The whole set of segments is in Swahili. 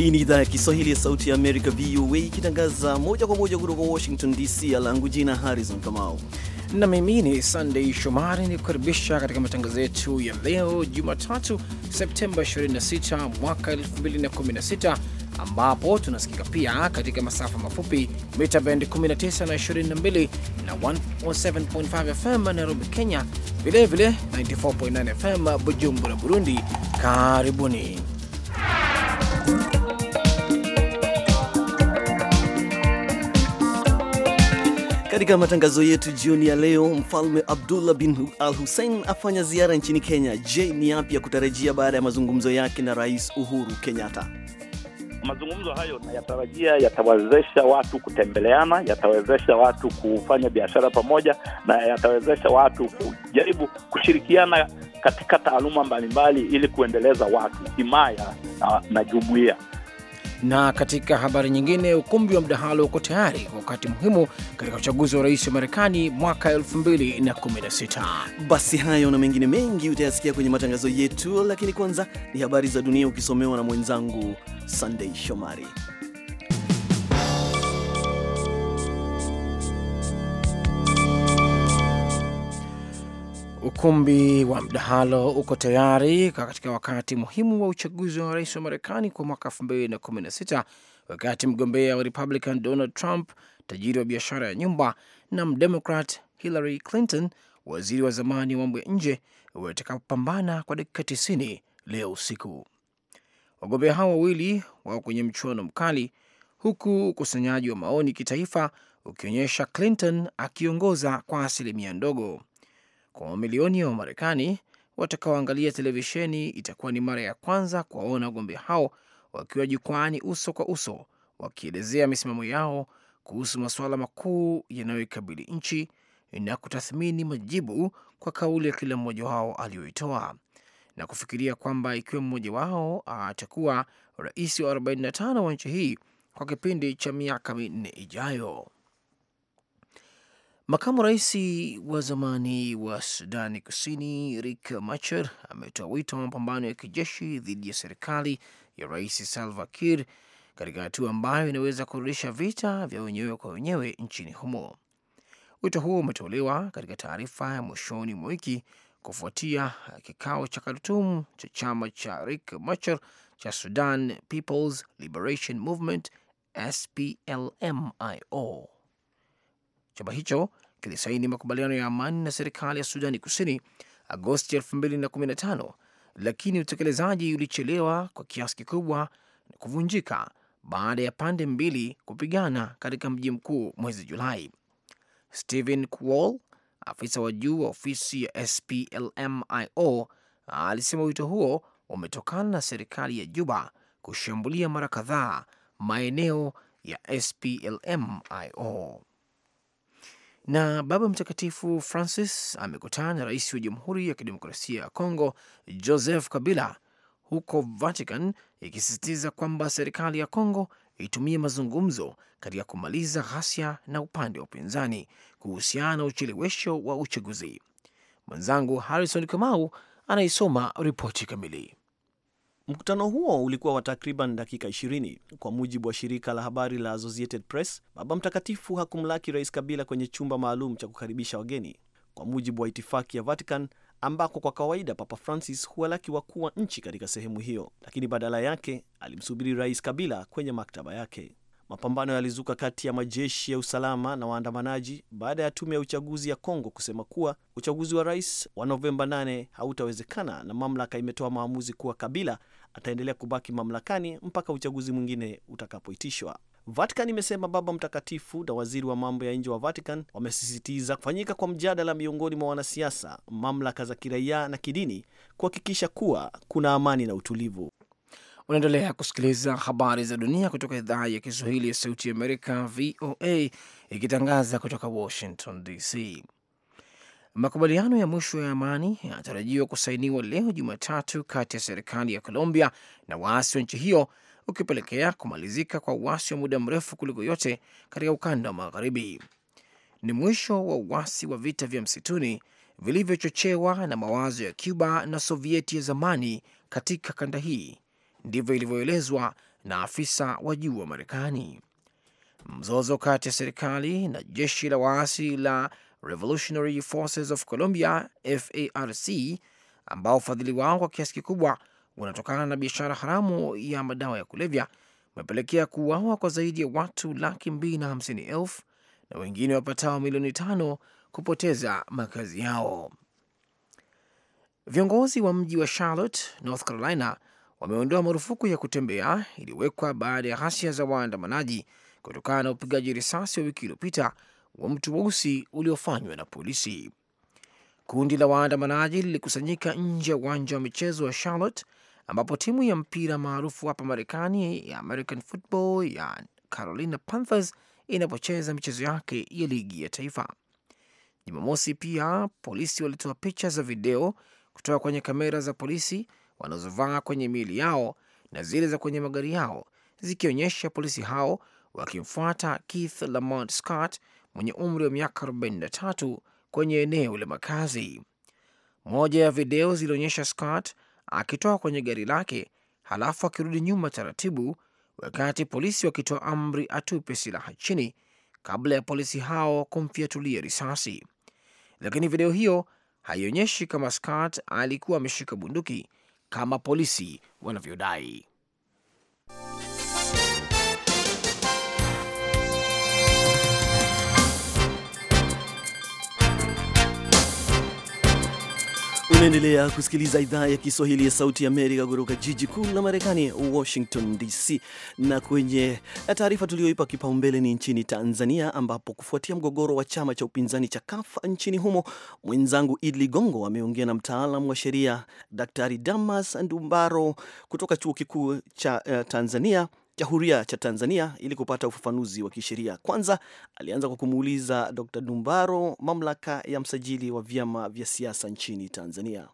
Hii ni idhaa ya Kiswahili ya Sauti ya Amerika, VOA, ikitangaza moja kwa moja kutoka Washington DC. Langu jina Harrison Kamau na mimi ni Sunday Shomari, ni kukaribisha katika matangazo yetu ya leo Jumatatu, Septemba 26 mwaka 2016 ambapo tunasikika pia katika masafa mafupi mita bendi 19 na 22 na 107.5 FM Nairobi, Kenya, vilevile 94.9 FM Bujumbura, Burundi. Karibuni. Katika matangazo yetu jioni ya leo, Mfalme Abdullah bin Al Hussein afanya ziara nchini Kenya. Je, ni yapi ya kutarajia baada ya mazungumzo yake na Rais Uhuru Kenyatta? Mazungumzo hayo yatarajia yatawezesha watu kutembeleana, yatawezesha watu kufanya biashara pamoja, na yatawezesha watu kujaribu kushirikiana katika taaluma mbalimbali ili kuendeleza watu, himaya na, na jumuiya. Na katika habari nyingine, ukumbi wa mdahalo uko tayari kwa wakati muhimu katika uchaguzi wa rais wa Marekani mwaka 2016. Basi hayo na mengine mengi utayasikia kwenye matangazo yetu, lakini kwanza ni habari za dunia ukisomewa na mwenzangu Sunday Shomari. Ukumbi wa mdahalo uko tayari katika wakati muhimu wa uchaguzi wa rais wa Marekani kwa mwaka 2016 wakati mgombea wa Republican Donald Trump, tajiri wa biashara ya nyumba, na mdemokrat Hillary Clinton, waziri wa zamani wa mambo ya nje, watakapopambana kwa dakika 90 leo usiku. Wagombea hao wawili wao kwenye mchuano mkali, huku ukusanyaji wa maoni kitaifa ukionyesha Clinton akiongoza kwa asilimia ndogo. Kwa mamilioni ya Wamarekani watakaoangalia televisheni, itakuwa ni mara ya kwanza kuwaona wagombea hao wakiwa jukwani uso kwa uso, wakielezea misimamo yao kuhusu masuala makuu yanayoikabili nchi na kutathmini majibu kwa kauli ya kila mmoja wao aliyoitoa na kufikiria kwamba ikiwa mmoja wao atakuwa rais wa 45 wa nchi hii kwa kipindi cha miaka minne ijayo. Makamu rais wa zamani wa Sudani Kusini rik macher ametoa wito wa mapambano ya kijeshi dhidi ya serikali ya Rais Salva Kir katika hatua ambayo inaweza kurudisha vita vya wenyewe kwa wenyewe nchini humo. Wito huo umetolewa katika taarifa ya mwishoni mwa wiki kufuatia kikao cha Khartoum cha chama cha Rik macher cha Sudan People's Liberation Movement SPLMIO. Chama hicho kilisaini makubaliano ya amani na serikali ya Sudani Kusini Agosti 2015 lakini utekelezaji ulichelewa kwa kiasi kikubwa na kuvunjika baada ya pande mbili kupigana katika mji mkuu mwezi Julai. Stephen Kwol, afisa wa juu wa ofisi ya SPLMIO, alisema wito huo umetokana na serikali ya Juba kushambulia mara kadhaa maeneo ya SPLMIO. Na Baba Mtakatifu Francis amekutana na rais wa Jamhuri ya Kidemokrasia ya Kongo Joseph Kabila huko Vatican, ikisisitiza kwamba serikali ya Kongo itumie mazungumzo katika kumaliza ghasia na upande wa upinzani kuhusiana na uchelewesho wa uchaguzi. Mwenzangu Harrison Kamau anaisoma ripoti kamili. Mkutano huo ulikuwa wa takriban dakika 20. Kwa mujibu wa shirika la habari la Associated Press, Baba Mtakatifu hakumlaki Rais Kabila kwenye chumba maalum cha kukaribisha wageni, kwa mujibu wa itifaki ya Vatican ambako kwa kawaida Papa Francis huwalaki wakuu wa nchi katika sehemu hiyo, lakini badala yake alimsubiri Rais Kabila kwenye maktaba yake. Mapambano yalizuka kati ya majeshi ya usalama na waandamanaji baada ya tume ya uchaguzi ya Kongo kusema kuwa uchaguzi wa rais wa Novemba 8 hautawezekana na mamlaka imetoa maamuzi kuwa Kabila ataendelea kubaki mamlakani mpaka uchaguzi mwingine utakapoitishwa. Vatican imesema Baba Mtakatifu na waziri wa mambo ya nje wa Vatican wamesisitiza kufanyika kwa mjadala miongoni mwa wanasiasa, mamlaka za kiraia na kidini kuhakikisha kuwa kuna amani na utulivu. Unaendelea kusikiliza habari za dunia kutoka idhaa ya Kiswahili ya Sauti ya Amerika, VOA, ikitangaza kutoka Washington DC. Makubaliano ya mwisho ya amani yanatarajiwa kusainiwa leo Jumatatu kati ya serikali ya Colombia na waasi wa nchi hiyo, ukipelekea kumalizika kwa uasi wa muda mrefu kuliko yote katika ukanda wa magharibi. Ni mwisho wa uasi wa vita vya msituni vilivyochochewa na mawazo ya Cuba na Sovieti ya zamani katika kanda hii, ndivyo ilivyoelezwa na afisa wa juu wa Marekani. Mzozo kati ya serikali na jeshi la waasi la Revolutionary Forces of Colombia FARC, ambao ufadhili wao kwa kiasi kikubwa unatokana na biashara haramu ya madawa ya kulevya, umepelekea kuuawa kwa zaidi ya watu laki mbili na hamsini elfu na wengine wapatao milioni tano kupoteza makazi yao. Viongozi wa mji wa Charlotte, North Carolina wameondoa marufuku ya kutembea iliyowekwa baada ya ghasia za waandamanaji kutokana na upigaji risasi wa wiki iliyopita wa mtu mweusi uliofanywa na polisi. Kundi la waandamanaji lilikusanyika nje ya uwanja wa michezo wa Charlotte ambapo timu ya mpira maarufu hapa Marekani ya American Football ya Carolina Panthers inapocheza michezo yake ya ligi ya taifa. Jumamosi pia polisi walitoa picha za video kutoka kwenye kamera za polisi wanazovaa kwenye miili yao na zile za kwenye magari yao zikionyesha polisi hao wakimfuata Keith Lamont Scott mwenye umri wa miaka 43 kwenye eneo la makazi. Moja ya video zilionyesha Scott akitoka kwenye gari lake halafu akirudi nyuma taratibu, wakati polisi wakitoa amri atupe silaha chini kabla ya polisi hao kumfiatulia risasi. Lakini video hiyo haionyeshi kama Scott alikuwa ameshika bunduki kama polisi wanavyodai. Unaendelea kusikiliza idhaa ya Kiswahili ya Sauti Amerika kutoka jiji kuu la Marekani, Washington DC. Na kwenye taarifa tuliyoipa kipaumbele ni nchini Tanzania, ambapo kufuatia mgogoro wa chama cha upinzani cha CUF nchini humo, mwenzangu Id Ligongo ameongea na mtaalam wa sheria Daktari Damas Ndumbaro kutoka Chuo Kikuu cha uh, Tanzania cha huria cha Tanzania ili kupata ufafanuzi wa kisheria. Kwanza alianza kwa kumuuliza Dr. Dumbaro mamlaka ya msajili wa vyama vya siasa nchini Tanzania.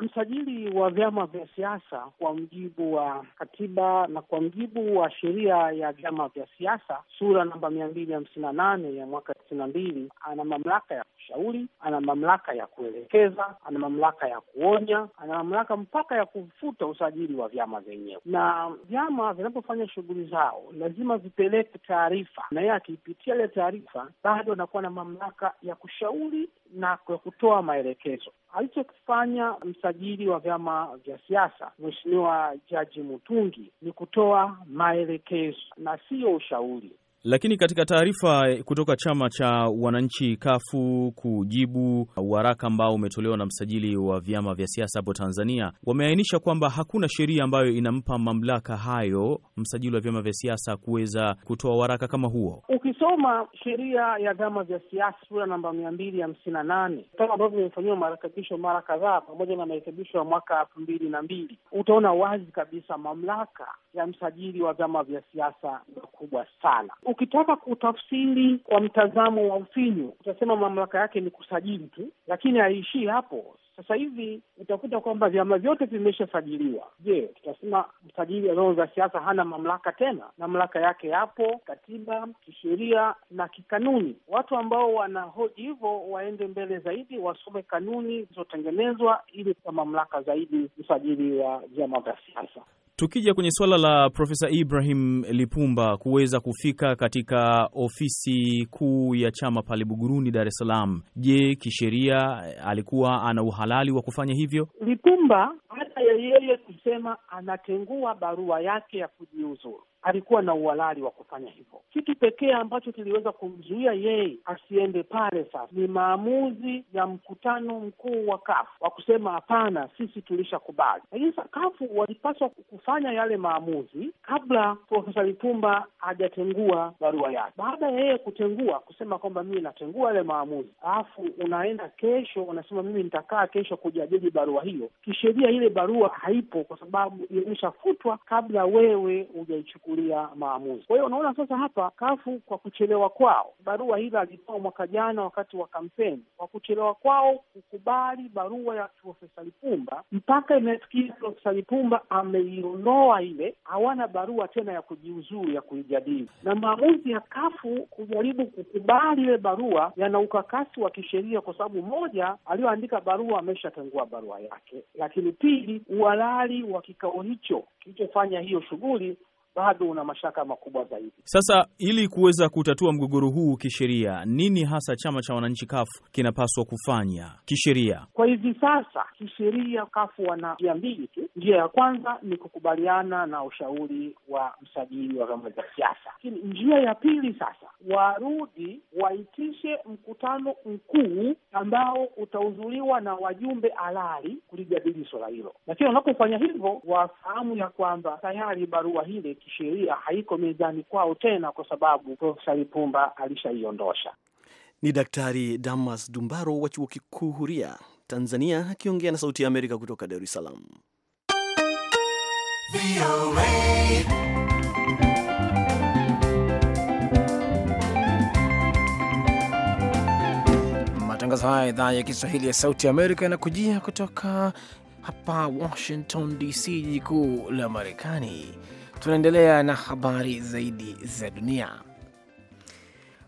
Msajili wa vyama vya siasa kwa mujibu wa katiba na kwa mujibu wa sheria ya vyama vya siasa sura namba mia mbili hamsini na nane ya mwaka tisini na mbili ana mamlaka ya kushauri, ana mamlaka ya kuelekeza, ana mamlaka ya kuonya, ana mamlaka mpaka ya kufuta usajili wa vyama vyenyewe. Na vyama vinapofanya shughuli zao lazima vipeleke taarifa, na yeye akiipitia ile taarifa bado anakuwa na mamlaka ya kushauri na kwa kutoa maelekezo. Alichokifanya msajili wa vyama vya siasa Mheshimiwa Jaji Mutungi ni kutoa maelekezo na siyo ushauri. Lakini katika taarifa kutoka chama cha wananchi kafu kujibu waraka ambao umetolewa na msajili wa vyama vya siasa hapo Tanzania, wameainisha kwamba hakuna sheria ambayo inampa mamlaka hayo msajili wa vyama vya siasa kuweza kutoa waraka kama huo. Ukisoma sheria ya vyama vya siasa sura namba mia mbili hamsini na nane kama ambavyo imefanyiwa marekebisho mara kadhaa pamoja na marekebisho ya mwaka elfu mbili na mbili utaona wazi kabisa mamlaka ya msajili wa vyama vya siasa makubwa kubwa sana ukitaka kutafsiri kwa mtazamo wa ufinyu utasema mamlaka yake ni kusajili tu, lakini haiishii hapo. Sasa hivi utakuta kwamba vyama vyote vimeshasajiliwa. Je, tutasema msajili wa vyama vya siasa hana mamlaka tena? Mamlaka yake yapo katiba, kisheria na kikanuni. Watu ambao wanahoji hivyo waende mbele zaidi, wasome kanuni zilizotengenezwa ili kwa mamlaka zaidi msajili wa vyama vya siasa. Tukija kwenye suala la Profesa Ibrahim Lipumba kuweza kufika katika ofisi kuu ya chama pale Buguruni, Dar es Salaam, je, kisheria alikuwa ana uhalali wa kufanya hivyo? Lipumba baada ya yeye kusema anatengua barua yake ya kujiuzuru alikuwa na uhalali wa kufanya hivyo. Kitu pekee ambacho kiliweza kumzuia yeye asiende pale sasa ni maamuzi ya mkutano mkuu wa kafu wa kusema hapana, sisi tulishakubali. Lakini kafu walipaswa kufanya yale maamuzi kabla Profesa Lipumba hajatengua barua yake. Baada ya yeye kutengua kusema kwamba mimi natengua yale maamuzi, alafu unaenda kesho unasema mimi nitakaa kesho kujadili barua hiyo, kisheria ile barua haipo kwa sababu imeshafutwa kabla wewe hujaichukulia maamuzi. Kwa hiyo unaona sasa hapa kafu kwa kuchelewa kwao, barua hilo alitoa mwaka jana wakati wa kampeni, kwa kuchelewa kwao kukubali barua ya Profesa Lipumba mpaka imefikia Profesa Lipumba ameiona kuiondoa ile, hawana barua tena ya kujiuzuru ya kuijadili, na maamuzi ya kafu kujaribu kukubali ile barua yana ukakasi wa kisheria, kwa sababu moja, aliyoandika barua ameshatengua barua yake, lakini pili, uhalali wa kikao hicho kilichofanya hiyo shughuli bado una mashaka makubwa zaidi. Sasa, ili kuweza kutatua mgogoro huu kisheria, nini hasa chama cha wananchi kafu kinapaswa kufanya kisheria? Kwa hivi sasa kisheria, kafu wana njia mbili tu. Njia ya kwanza ni kukubaliana na ushauri wa msajili wa vyama vya siasa, lakini njia ya pili sasa warudi waitishe mkutano mkuu ambao utahudhuriwa na wajumbe halali kulijadili swala hilo, lakini wanapofanya hivyo wafahamu ya kwamba tayari barua hile kisheria haiko mezani kwao tena, kwa sababu Profesa Lipumba alishaiondosha. Ni Daktari Damas Dumbaro wa chuo kikuu huria Tanzania akiongea na Sauti ya Amerika kutoka Dar es Salaam. Matangazo haya ya idhaa ya Kiswahili ya Sauti Amerika yanakujia kutoka hapa Washington DC, jiji kuu la Marekani. Tunaendelea na habari zaidi za dunia.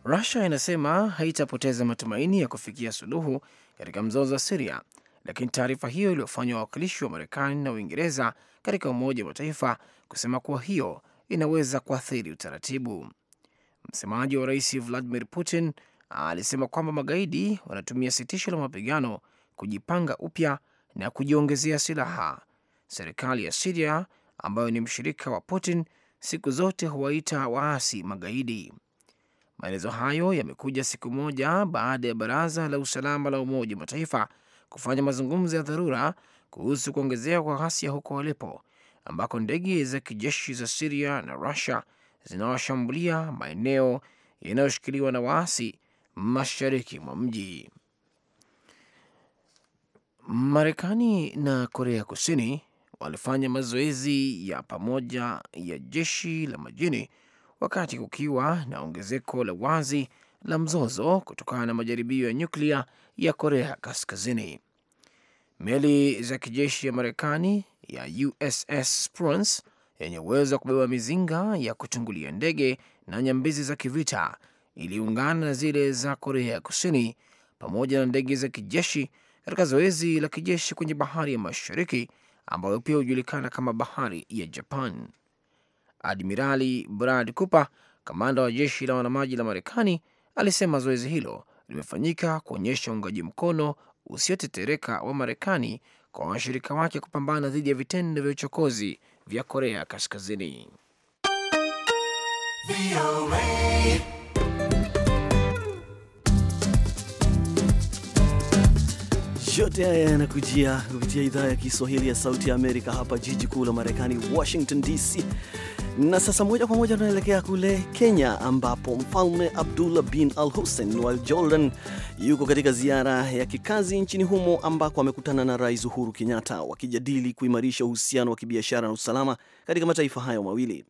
Rusia inasema haitapoteza matumaini ya kufikia suluhu katika mzozo wa Siria, lakini taarifa hiyo iliyofanywa wawakilishi wa Marekani na Uingereza katika Umoja wa Mataifa kusema kuwa hiyo inaweza kuathiri utaratibu. Msemaji wa rais Vladimir Putin alisema kwamba magaidi wanatumia sitisho la mapigano kujipanga upya na kujiongezea silaha. Serikali ya Siria ambayo ni mshirika wa Putin siku zote huwaita waasi magaidi. Maelezo hayo yamekuja siku moja baada ya Baraza la Usalama la Umoja wa Mataifa kufanya mazungumzo ya dharura kuhusu kuongezea kwa ghasia huko Aleppo ambako ndege za kijeshi za Siria na Rusia zinawashambulia maeneo yanayoshikiliwa na waasi mashariki mwa mji. Marekani na Korea Kusini walifanya mazoezi ya pamoja ya jeshi la majini wakati kukiwa na ongezeko la wazi la mzozo kutokana na majaribio ya nyuklia ya Korea Kaskazini. Meli za kijeshi ya Marekani ya USS Spruance yenye uwezo wa kubeba mizinga ya kutungulia ndege na nyambizi za kivita iliungana na zile za Korea ya Kusini pamoja na ndege za kijeshi katika zoezi la kijeshi kwenye bahari ya Mashariki ambayo pia hujulikana kama bahari ya Japan. Admirali Brad Cooper, kamanda wa jeshi la wanamaji la Marekani, alisema zoezi hilo limefanyika kuonyesha uungaji mkono usiotetereka wa Marekani kwa washirika wake kupambana dhidi ya vitendo vya uchokozi vya Korea Kaskazini. Yote haya yanakujia kupitia idhaa ya Kiswahili ya Sauti ya Amerika, hapa jiji kuu la Marekani, Washington DC. Na sasa moja kwa moja tunaelekea kule Kenya, ambapo Mfalme Abdullah bin Al Hussein wa Jordan yuko katika ziara ya kikazi nchini humo, ambako amekutana na Rais Uhuru Kenyatta wakijadili kuimarisha uhusiano wa kibiashara na usalama katika mataifa hayo mawili.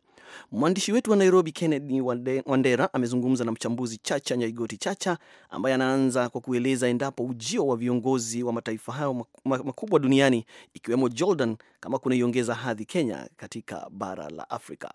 Mwandishi wetu wa Nairobi, Kennedy Wandera, amezungumza na mchambuzi Chacha Nyaigoti Chacha ambaye anaanza kwa kueleza endapo ujio wa viongozi wa mataifa hayo makubwa duniani ikiwemo Jordan kama kunaiongeza hadhi Kenya katika bara la Afrika.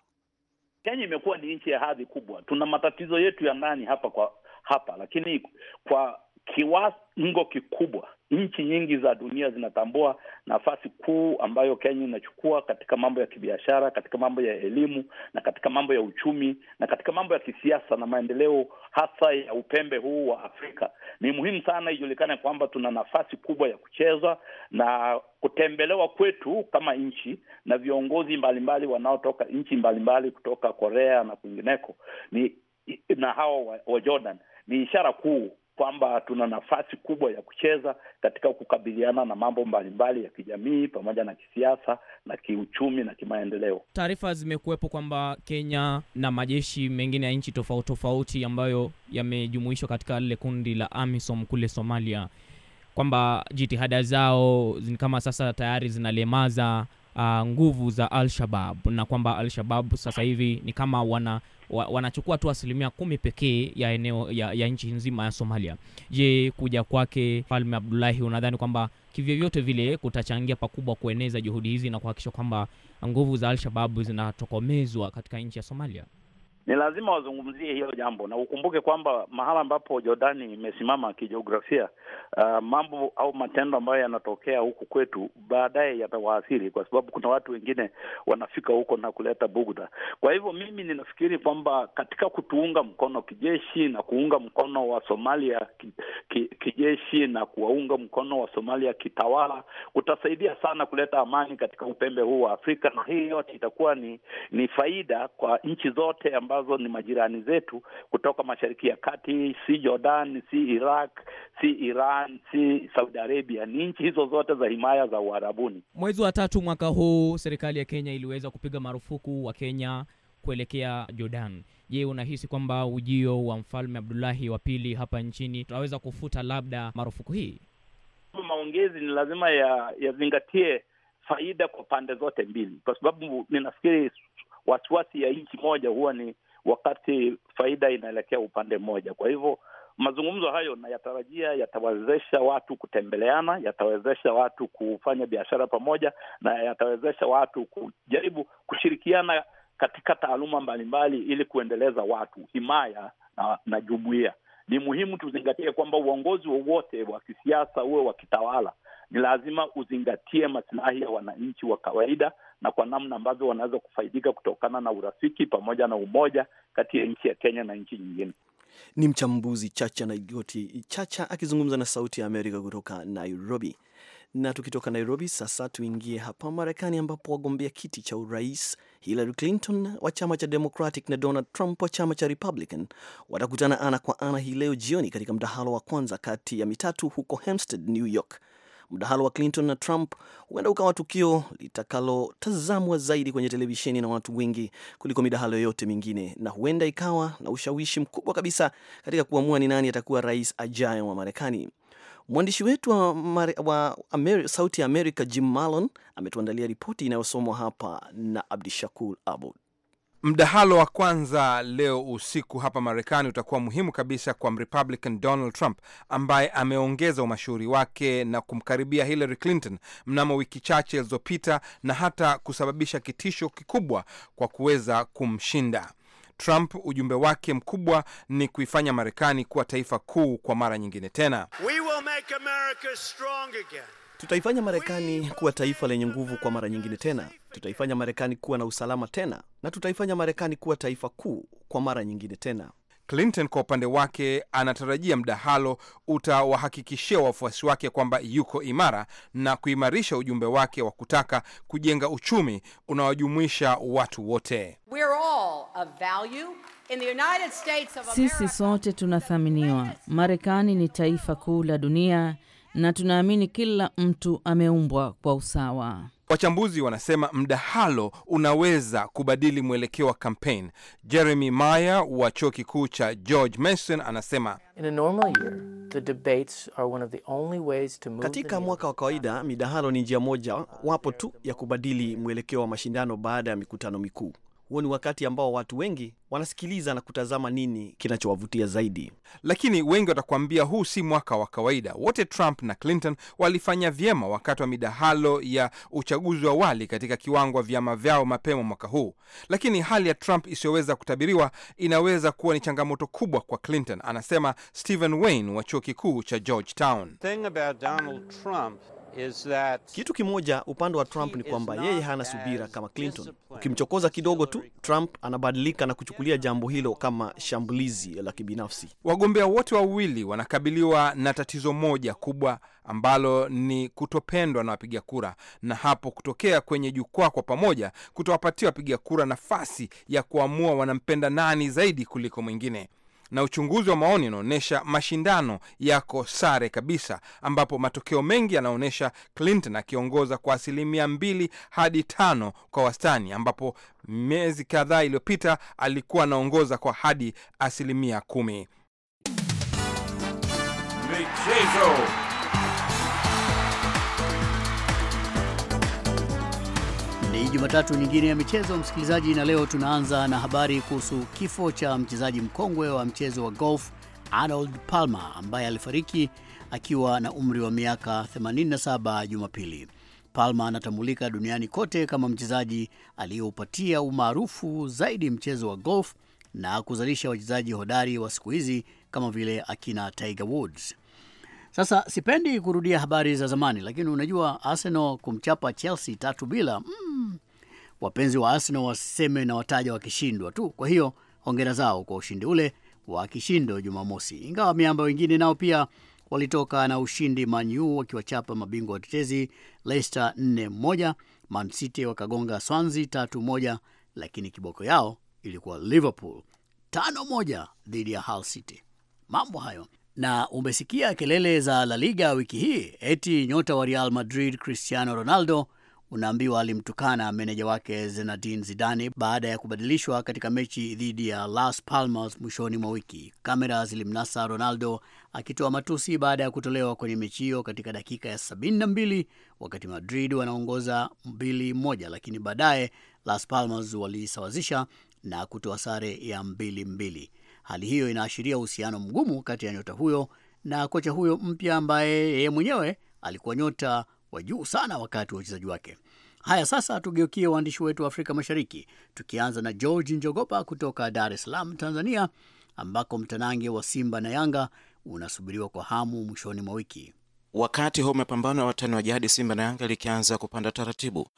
Kenya imekuwa ni nchi ya hadhi kubwa. Tuna matatizo yetu ya ndani hapa kwa hapa, lakini kwa kiwango kikubwa nchi nyingi za dunia zinatambua nafasi kuu ambayo Kenya inachukua katika mambo ya kibiashara, katika mambo ya elimu na katika mambo ya uchumi na katika mambo ya kisiasa na maendeleo hasa ya upembe huu wa Afrika. Ni muhimu sana ijulikane kwamba tuna nafasi kubwa ya kucheza na kutembelewa kwetu kama nchi na viongozi mbalimbali wanaotoka nchi mbalimbali kutoka Korea na kwingineko ni na hawa wa Jordan ni ishara kuu kwamba tuna nafasi kubwa ya kucheza katika kukabiliana na mambo mbalimbali ya kijamii pamoja na kisiasa na kiuchumi na kimaendeleo. Taarifa zimekuwepo kwamba Kenya na majeshi mengine ya nchi tofauti tofauti ambayo yamejumuishwa katika lile kundi la AMISOM kule Somalia, kwamba jitihada zao kama sasa tayari zinalemaza uh, nguvu za Al-Shabab na kwamba Al-Shabab sasa hivi ni kama wana wa, wanachukua tu asilimia kumi pekee ya eneo ya, ya nchi nzima ya Somalia. Je, kuja kwake Falme Abdullahi unadhani kwamba kivyovyote vile kutachangia pakubwa kueneza juhudi hizi na kuhakikisha kwamba nguvu za Al-Shabaab zinatokomezwa katika nchi ya Somalia? ni lazima wazungumzie hilo jambo, na ukumbuke kwamba mahala ambapo Jordani imesimama kijiografia, uh, mambo au matendo ambayo yanatokea huku kwetu baadaye yatawaathiri, kwa sababu kuna watu wengine wanafika huko na kuleta bugda. Kwa hivyo mimi ninafikiri kwamba katika kutuunga mkono kijeshi na kuunga mkono wa Somalia ki, ki, kijeshi na kuwaunga mkono wa Somalia kitawala kutasaidia sana kuleta amani katika upembe huu wa Afrika, na hii yote itakuwa ni, ni faida kwa nchi zote ambazo ambazo ni majirani zetu kutoka mashariki ya kati, si Jordan, si Iraq, si Iran, si Saudi Arabia, ni nchi hizo zote za himaya za Uarabuni. Mwezi wa tatu mwaka huu serikali ya Kenya iliweza kupiga marufuku wa Kenya kuelekea Jordan. Je, unahisi kwamba ujio wa mfalme Abdullahi wa pili hapa nchini tunaweza kufuta labda marufuku hii? Maongezi ni lazima yazingatie ya faida kwa pande zote mbili, kwa sababu ninafikiri wasiwasi ya nchi moja huwa ni wakati faida inaelekea upande mmoja. Kwa hivyo mazungumzo hayo nayatarajia yatawezesha watu kutembeleana, yatawezesha watu kufanya biashara pamoja, na yatawezesha watu kujaribu kushirikiana katika taaluma mbalimbali ili kuendeleza watu himaya na, na jumuia. Ni muhimu tuzingatie kwamba uongozi wowote wa kisiasa uwe wa kitawala ni lazima uzingatie masilahi ya wananchi wa kawaida na kwa namna ambavyo wanaweza kufaidika kutokana na urafiki pamoja na umoja kati ya nchi ya Kenya na nchi nyingine. Ni mchambuzi Chacha Naigoti Chacha akizungumza na Sauti ya Amerika kutoka Nairobi. Na tukitoka Nairobi sasa tuingie hapa Marekani, ambapo wagombea kiti cha urais Hillary Clinton wa chama cha Democratic na Donald Trump wa chama cha Republican watakutana ana kwa ana hii leo jioni katika mdahalo wa kwanza kati ya mitatu huko Hempstead, New York, Mdahalo wa Clinton na Trump huenda ukawa tukio litakalotazamwa zaidi kwenye televisheni na watu wengi kuliko midahalo yoyote mingine, na huenda ikawa na ushawishi mkubwa kabisa katika kuamua ni nani atakuwa rais ajayo wa Marekani. Mwandishi wetu wa, wa Ameri, Sauti ya Amerika Jim Malon ametuandalia ripoti inayosomwa hapa na Abdishakur Abud. Mdahalo wa kwanza leo usiku hapa Marekani utakuwa muhimu kabisa kwa Mrepublican Donald Trump ambaye ameongeza umashuhuri wake na kumkaribia Hillary Clinton mnamo wiki chache zilizopita na hata kusababisha kitisho kikubwa kwa kuweza kumshinda. Trump ujumbe wake mkubwa ni kuifanya Marekani kuwa taifa kuu kwa mara nyingine tena. We will make America strong again. Tutaifanya Marekani kuwa taifa lenye nguvu kwa mara nyingine tena. Tutaifanya Marekani kuwa na usalama tena, na tutaifanya Marekani kuwa taifa kuu kwa mara nyingine tena. Clinton kwa upande wake anatarajia mdahalo utawahakikishia wafuasi wake kwamba yuko imara na kuimarisha ujumbe wake wa kutaka kujenga uchumi unaojumuisha watu wote. Sisi sote tunathaminiwa. Marekani ni taifa kuu la dunia na tunaamini kila mtu ameumbwa kwa usawa. Wachambuzi wanasema mdahalo unaweza kubadili mwelekeo wa kampeni. Jeremy Mayer wa chuo kikuu cha George Mason anasema katika mwaka wa kawaida midahalo ni njia moja wapo tu ya kubadili mwelekeo wa mashindano baada ya mikutano mikuu huo ni wakati ambao watu wengi wanasikiliza na kutazama nini kinachowavutia zaidi, lakini wengi watakuambia huu si mwaka wa kawaida. Wote Trump na Clinton walifanya vyema wakati wa midahalo ya uchaguzi wa awali katika kiwango wa vyama vyao mapema mwaka huu, lakini hali ya Trump isiyoweza kutabiriwa inaweza kuwa ni changamoto kubwa kwa Clinton, anasema Stephen Wayne wa chuo kikuu cha Georgetown. Thing about Donald Trump kitu kimoja upande wa Trump ni kwamba yeye hana subira kama Clinton. Ukimchokoza kidogo tu, Trump anabadilika na kuchukulia jambo hilo kama shambulizi la kibinafsi. Wagombea wote wawili wanakabiliwa na tatizo moja kubwa ambalo ni kutopendwa na wapiga kura, na hapo kutokea kwenye jukwaa kwa pamoja kutowapatia wapiga kura nafasi ya kuamua wanampenda nani zaidi kuliko mwingine na uchunguzi wa maoni unaonyesha mashindano yako sare kabisa, ambapo matokeo mengi yanaonyesha Clinton akiongoza kwa asilimia mbili hadi tano kwa wastani, ambapo miezi kadhaa iliyopita alikuwa anaongoza kwa hadi asilimia kumi. Michezo. Ni Jumatatu nyingine ya michezo, msikilizaji, na leo tunaanza na habari kuhusu kifo cha mchezaji mkongwe wa mchezo wa golf Arnold Palmer ambaye alifariki akiwa na umri wa miaka 87 Jumapili. Palmer anatambulika duniani kote kama mchezaji aliyeupatia umaarufu zaidi mchezo wa golf na kuzalisha wachezaji hodari wa siku hizi kama vile akina Tiger Woods. Sasa sipendi kurudia habari za zamani, lakini unajua Arsenal kumchapa Chelsea tatu bila mm, wapenzi wa Arsenal waseme na wataja wakishindwa tu. Kwa hiyo hongera zao kwa ushindi ule wa kishindo Jumamosi, ingawa miamba wengine nao pia walitoka na ushindi, Manyu wakiwachapa mabingwa watetezi Leicester 4 moja, Man City wakagonga Swansea tatu moja, lakini kiboko yao ilikuwa Liverpool tano moja dhidi ya Hull City. Mambo hayo. Na umesikia kelele za La Liga wiki hii, eti nyota wa Real Madrid Cristiano Ronaldo unaambiwa alimtukana meneja wake Zinedine Zidane baada ya kubadilishwa katika mechi dhidi ya Las Palmas mwishoni mwa wiki. Kamera zilimnasa Ronaldo akitoa matusi baada ya kutolewa kwenye mechi hiyo katika dakika ya 72 wakati Madrid wanaongoza mbili moja, lakini baadaye Las Palmas walisawazisha na kutoa sare ya mbili Hali hiyo inaashiria uhusiano mgumu kati ya nyota huyo na kocha huyo mpya ambaye yeye mwenyewe alikuwa nyota wa juu sana wakati wa uchezaji wake. Haya, sasa tugeukie waandishi wetu wa Afrika Mashariki, tukianza na George Njogopa kutoka Dar es Salaam, Tanzania, ambako mtanange wa Simba na Yanga unasubiriwa kwa hamu mwishoni mwa wiki. Wakati huu mapambano ya watani wa jadi Simba na Yanga likianza kupanda taratibu,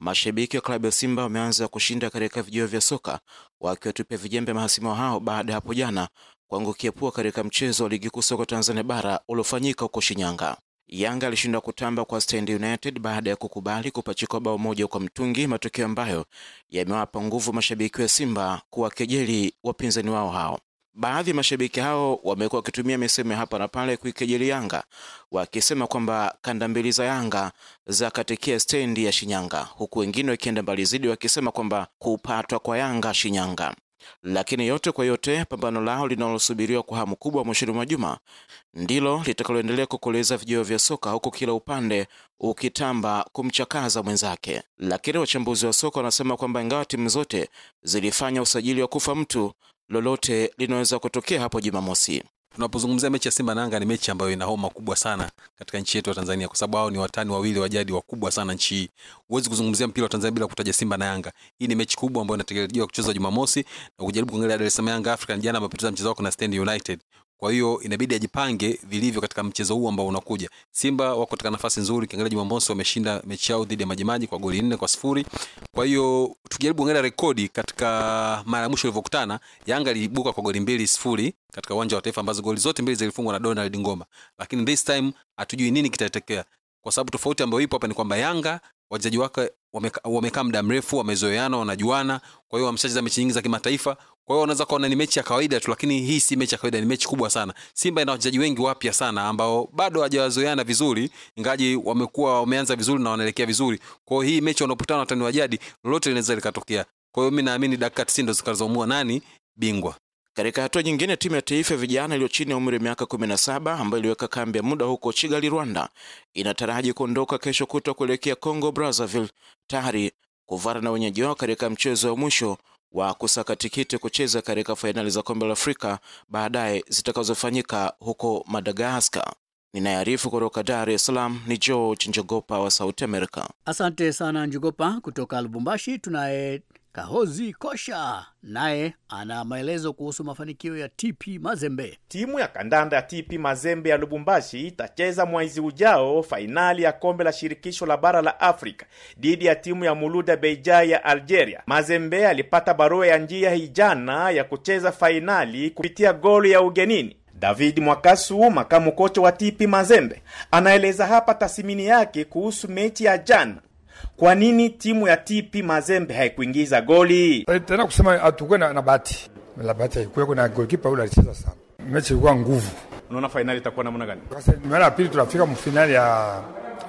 Mashabiki wa klabu ya Simba wameanza kushinda katika vijio vya soka wakiwatupia vijembe mahasimu hao baada ya hapo jana kuangukia pua katika mchezo wa ligi kuu soka Tanzania bara uliofanyika huko Shinyanga. Yanga alishindwa kutamba kwa Stand United baada ya kukubali kupachikwa bao moja kwa mtungi, matokeo ambayo yamewapa nguvu mashabiki wa Simba kuwakejeli wapinzani wao hao. Baadhi ya mashabiki hao wamekuwa wakitumia misemo hapa na pale kuikejeli Yanga, wakisema kwamba kanda mbili za Yanga za katikia stendi ya Shinyanga, huku wengine wakienda mbali zaidi wakisema kwamba kupatwa kwa Yanga Shinyanga. Lakini yote kwa yote, pambano lao linalosubiriwa kwa hamu kubwa mwishoni mwa juma ndilo litakaloendelea kukoleza vijeo vya soka, huku kila upande ukitamba kumchakaza mwenzake. Lakini wachambuzi wa soka wanasema kwamba ingawa timu zote zilifanya usajili wa kufa mtu, lolote linaweza kutokea hapo Jumamosi. Tunapozungumzia mechi ya Simba na Yanga, ni mechi ambayo ina homa kubwa sana katika nchi yetu ya Tanzania, kwa sababu hao ni watani wawili wa jadi wakubwa sana nchi hii. Huwezi kuzungumzia mpira wa Tanzania bila kutaja Simba na Yanga. Hii ni mechi kubwa ambayo inatarajiwa kuchezwa Jumamosi, na kujaribu kuangalia Dar es Salaam Yanga Africa jana amepoteza mchezo wako na Stand United. Kwa hiyo inabidi ajipange vilivyo katika mchezo huu ambao unakuja. Simba wako katika nafasi nzuri, kiangalia Jumamosi wameshinda mechi yao dhidi ya Majimaji kwa goli nne kwa sifuri. Kwa hiyo tukijaribu kuangalia rekodi katika mara ya mwisho ilivyokutana Yanga ilibuka kwa goli mbili sifuri katika uwanja wa Taifa, ambazo goli zote mbili zilifungwa na Donald Ngoma, lakini this time hatujui nini kitatokea, kwa sababu tofauti ambayo ipo hapa ni kwamba Yanga wachezaji wake wamekaa wameka muda mrefu, wamezoeana, wanajuana. Kwa hiyo wameshacheza mechi nyingi za kimataifa, kwa hiyo unaweza kuona ni mechi ya kawaida tu, lakini hii si mechi ya kawaida, ni mechi kubwa sana. Simba ina wachezaji wengi wapya sana ambao bado hawajawazoeana vizuri, ingaji wamekuwa wameanza vizuri na wanaelekea vizuri. Kwa hiyo hii mechi wanapokutana watani wa jadi, lolote linaweza likatokea. Kwa hiyo mi naamini dakika tisini ndo zikazoamua nani bingwa. Katika hatua nyingine, timu ya taifa ya vijana iliyo chini ya umri wa miaka 17 ambayo iliweka kambi ya muda huko chigali Rwanda, inataraji kuondoka kesho kutwa kuelekea Congo Brazzaville tayari kuvara na wenyeji wao katika mchezo wa mwisho wa kusaka tikiti kucheza katika fainali za kombe la Afrika baadaye zitakazofanyika huko Madagaskar. ninayarifu kutoka Dar es Salaam ni George Njogopa wa Sauti Amerika. Asante sana Njogopa. Kutoka Lubumbashi tunaye Kahozi Kosha naye ana maelezo kuhusu mafanikio ya TP Mazembe. Timu ya kandanda ya TP Mazembe ya Lubumbashi itacheza mwezi ujao fainali ya kombe la shirikisho la bara la Afrika dhidi ya timu ya Muluda Beijai ya Algeria. Mazembe alipata barua ya njia hijana ya kucheza fainali kupitia golu ya ugenini. David Mwakasu, makamu kocha wa TP Mazembe, anaeleza hapa tasimini yake kuhusu mechi ya jana. Kwa nini timu ya TP Mazembe haikuingiza goli? Tena kusema atukwe na, na bahati na bahati haikuwa na golikipa yule alicheza sana, mechi ilikuwa nguvu. Unaona finali itakuwa namna gani? Sasa mara ya pili tunafika mfinali ya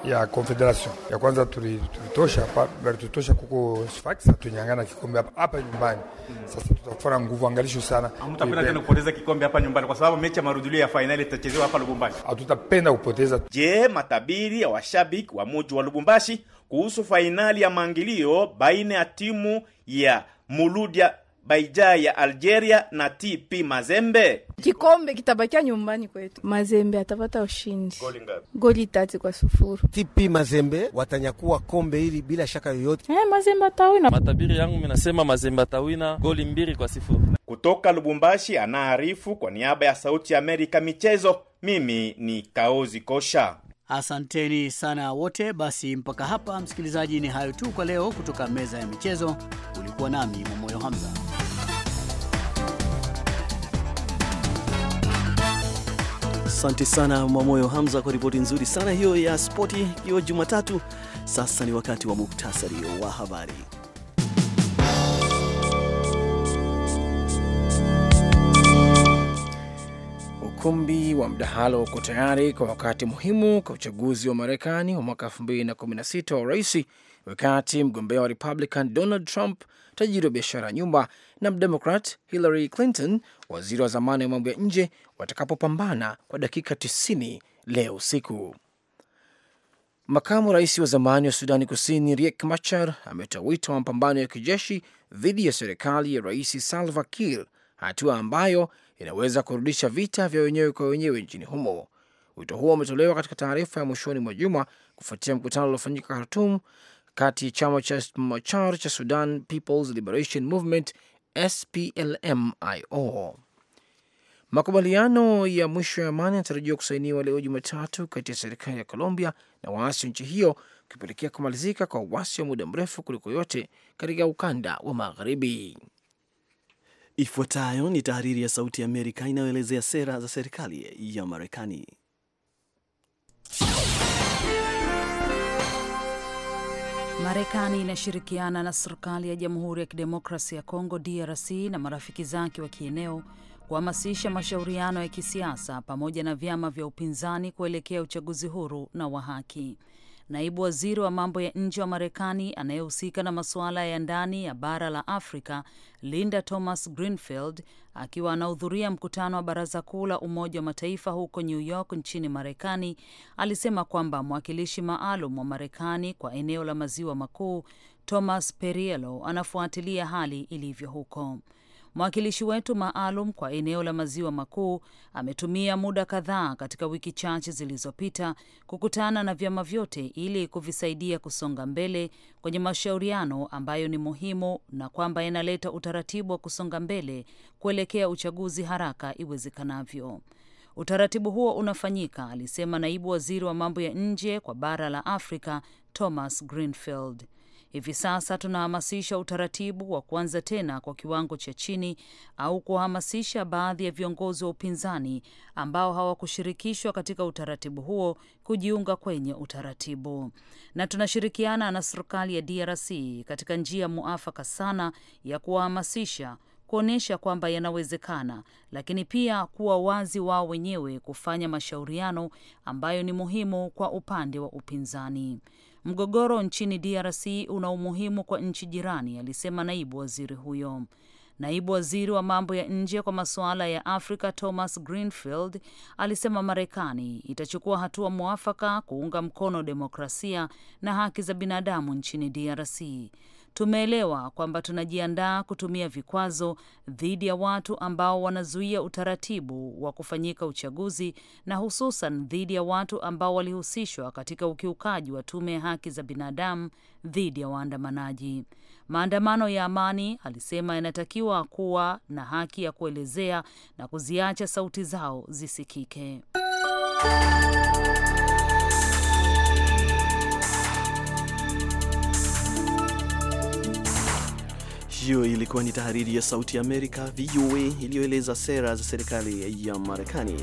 ya Confederation ya kwanza tulitosha hapa, bali tulitosha kuko Sfax, tunyangana kikombe hapa hapa nyumbani. Sasa tutafanya nguvu angalisho sana, hamtapenda tena kupoteza kikombe hapa nyumbani, kwa sababu mechi ya marudulio ya finali itachezewa hapa Lubumbashi, hatutapenda kupoteza. Je, matabiri ya washabiki wa muji wa Lubumbashi kuhusu fainali ya maangilio baina ya timu ya Muludia Baija ya Algeria na TP Mazembe. Kikombe kitabakia nyumbani kwetu. Mazembe atapata ushindi goli ngapi? Goli tatu kwa sufuru. TP Mazembe watanyakua kombe hili bila shaka yoyote. Eh, Mazembe atawina. Matabiri yangu minasema Mazembe atawina goli mbili kwa sifuru. Kutoka Lubumbashi anaarifu kwa niaba ya Sauti ya Amerika michezo. Mimi ni Kaozi Kosha. Asanteni sana wote. Basi mpaka hapa, msikilizaji, ni hayo tu kwa leo kutoka meza ya michezo. Ulikuwa nami Mamoyo Hamza. Asante sana Mwamoyo Hamza kwa ripoti nzuri sana hiyo ya spoti hiyo Jumatatu. Sasa ni wakati wa muktasari wa habari. ukumbi wa mdahalo uko tayari kwa wakati muhimu kwa uchaguzi wa Marekani wa mwaka 2016 wa uraisi, wakati mgombea wa Republican Donald Trump, tajiri wa biashara ya nyumba, na mdemokrat Hillary Clinton, waziri wa zamani wa mambo ya nje, watakapopambana kwa dakika 90 leo usiku. Makamu rais wa zamani wa Sudani Kusini Riek Machar ametoa wito wa mapambano ya kijeshi dhidi ya serikali ya rais Salva Kiir, hatua ambayo inaweza kurudisha vita vya wenyewe kwa wenyewe nchini humo. Wito huo umetolewa katika taarifa ya mwishoni mwa juma kufuatia mkutano uliofanyika Khartum kati ya chama cha Machar cha Sudan People's Liberation Movement SPLMIO. Makubaliano ya mwisho ya amani yanatarajiwa kusainiwa leo Jumatatu kati ya serikali ya Colombia na waasi wa nchi hiyo, ukipelekea kumalizika kwa uasi wa muda mrefu kuliko yote katika ukanda wa magharibi. Ifuatayo ni tahariri ya Sauti ya Amerika inayoelezea sera za serikali ya Marekani. Marekani inashirikiana na serikali ya Jamhuri ya Kidemokrasi ya Kongo DRC na marafiki zake wa kieneo kuhamasisha mashauriano ya kisiasa pamoja na vyama vya upinzani kuelekea uchaguzi huru na wa haki naibu waziri wa mambo ya nje wa Marekani anayehusika na masuala ya ndani ya bara la Afrika, Linda Thomas Greenfield, akiwa anahudhuria mkutano wa Baraza Kuu la Umoja wa Mataifa huko New York nchini Marekani, alisema kwamba mwakilishi maalum wa Marekani kwa eneo la Maziwa Makuu, Thomas Perriello, anafuatilia hali ilivyo huko. Mwakilishi wetu maalum kwa eneo la maziwa makuu ametumia muda kadhaa katika wiki chache zilizopita kukutana na vyama vyote ili kuvisaidia kusonga mbele kwenye mashauriano ambayo ni muhimu na kwamba yanaleta utaratibu wa kusonga mbele kuelekea uchaguzi haraka iwezekanavyo. Utaratibu huo unafanyika, alisema naibu waziri wa mambo ya nje kwa bara la Afrika Thomas Greenfield. Hivi sasa tunahamasisha utaratibu wa kuanza tena kwa kiwango cha chini au kuwahamasisha baadhi ya viongozi wa upinzani ambao hawakushirikishwa katika utaratibu huo kujiunga kwenye utaratibu, na tunashirikiana na serikali ya DRC katika njia muafaka sana ya kuwahamasisha kuonyesha kwamba yanawezekana, lakini pia kuwa wazi wao wenyewe kufanya mashauriano ambayo ni muhimu kwa upande wa upinzani. Mgogoro nchini DRC una umuhimu kwa nchi jirani, alisema naibu waziri huyo. Naibu waziri wa mambo ya nje kwa masuala ya Afrika Thomas Greenfield alisema Marekani itachukua hatua mwafaka kuunga mkono demokrasia na haki za binadamu nchini DRC. Tumeelewa kwamba tunajiandaa kutumia vikwazo dhidi ya watu ambao wanazuia utaratibu wa kufanyika uchaguzi na hususan dhidi ya watu ambao walihusishwa katika ukiukaji wa tume ya haki za binadamu dhidi ya waandamanaji. Maandamano ya amani, alisema, yanatakiwa kuwa na haki ya kuelezea na kuziacha sauti zao zisikike. hiyo ilikuwa ni tahariri ya Sauti ya Amerika VOA iliyoeleza sera za serikali ya Marekani.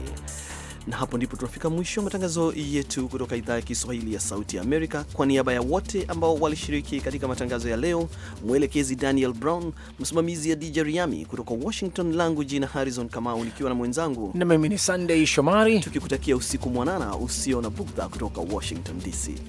Na hapo ndipo tunafika mwisho wa matangazo yetu kutoka idhaa ya Kiswahili ya Sauti ya Amerika. Kwa niaba ya wote ambao walishiriki katika matangazo ya leo, mwelekezi Daniel Brown, msimamizi ya DJ Riami kutoka Washington, langu jina Harrison Kamau, nikiwa na mwenzangu na mimi ni Sunday Shomari, tukikutakia usiku mwanana usio na bugdha kutoka Washington DC.